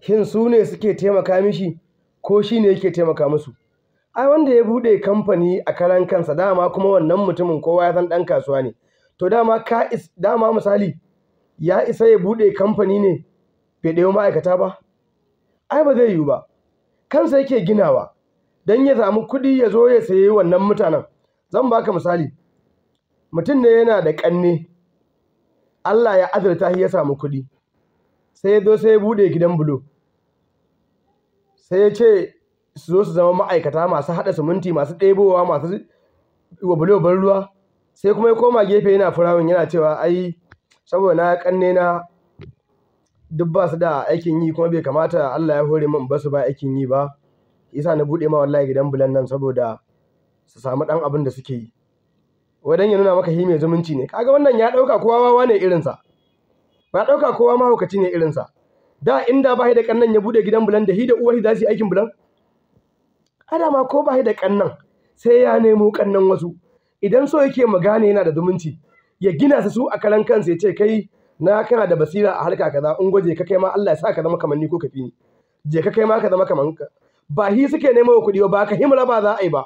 shin su ne suke taimaka mishi ko shi ne yake taimaka musu ai wanda ya buɗe kamfani a karan kansa dama kuma wannan mutumin kowa ya san ɗan kasuwa ne to dama ka is dama misali ya isa ya buɗe kamfani ne bai ɗaya ma'aikata ba ai ba zai yiwu ba kansa yake ginawa don ya samu kuɗi ya zo ya sayi wannan mutanen zan baka misali mutum ne yana da ƙanne Allah ya azurta shi ya samu kuɗi sai ya zo sai ya buɗe gidan bulo sai ya ce su zo su zama ma'aikata masu haɗa siminti masu ɗebowa masu wa bulo ban ruwa sai kuma ya koma gefe yana firawun yana cewa ai saboda na kanne na duk ba su da aikin yi kuma bai kamata Allah ya hore min ba su ba aikin yi ba yasa na buɗe ma wallahi gidan bulan nan saboda su samu ɗan abin da suke yi wadan ya nuna maka hime zumunci ne kaga wannan ya ɗauka kowa wawa ne irinsa ba ɗauka kowa ma mahaukaci ne irinsa da inda ba da kannan ya buɗe gidan bulan da hi da uwar za su yi aikin bulan adama ko ba da kannan sai ya nemo kannan wasu idan so yake mu yana da zumunci ya gina su su a karan kansa ya ce kai na kana da basira a harka kaza in gwaje ka kai ma Allah ya sa ka zama kamar ni ko ka ni je ka kai ma ka zama kamar ka ba hi suke nemo kuɗi ba ka himra ba za a yi ba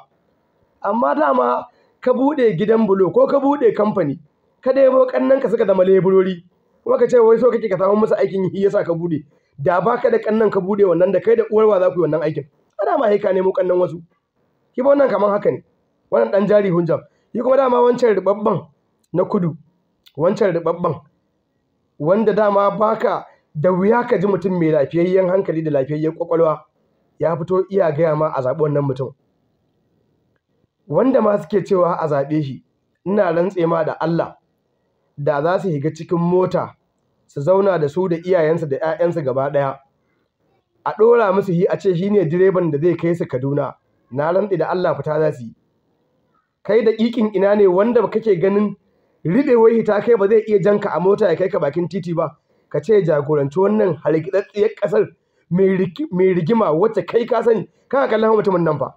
amma dama ka buɗe gidan bulo ko ka buɗe kamfani ka ɗebo ka suka zama leburori kuma ka ce wai so kake ka samu masa aikin yi yasa ka bude da baka da kannan ka bude wannan da kai da uwarwa za ku yi wannan aikin ana ma haika nemo kannan wasu ki ba wannan kaman haka ne wannan dan jari hunjam yi kuma dama wancan rubabban na kudu wancan rubabban wanda dama baka da wuya ka ji mutum mai lafiyayyen hankali da lafiyayyen kwakwalwa ya fito iya gaya ma a zaɓi wannan mutum wanda ma suke cewa a zaɓe shi ina rantse ma da Allah da za su shiga cikin mota su zauna da su da iyayensu da 'ya'yansu gaba ɗaya a ɗora musu yi a ce shi ne direban da zai kai su kaduna na rantsi da allah fita za su yi kai da ƙiƙin ina ne wanda kake ganin riɓe wai hita kai ba zai iya jan ka a mota ya kai ka bakin titi ba ka ce jagoranci wannan hargitsattsiyar ƙasar mai rigima wacce kai ka sani kana kallon mutumin nan fa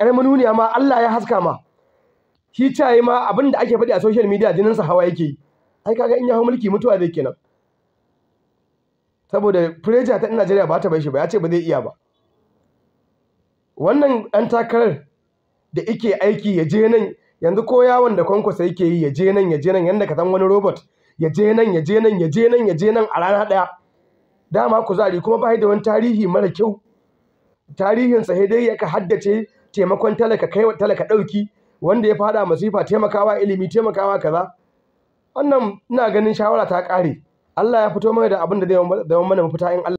ƴar manuniya ma allah ya haska ma shi ma abin da ake faɗi a social media jininsa hawa yake yi ai kaga in ya hau mulki mutuwa zai kenan saboda pressure ta Najeriya ba ta bai shi ba ya ce ba zai iya ba wannan ɗan takarar da ike aiki ya je nan yanzu ko yawon da kwankwasa yake yi ya je nan ya je nan yanda ka san wani robot ya je nan ya je nan ya je nan ya je nan a rana ɗaya dama kuzari kuma ba da wani tarihi mara kyau tarihinsa sai dai ka haddace taimakon talaka kai talaka ɗauki wanda ya fada masifa taimakawa ilimi taimakawa kaza wannan ina ganin shawara ta ƙare Allah ya fito mana da abin da zai zama mana mafita in Allah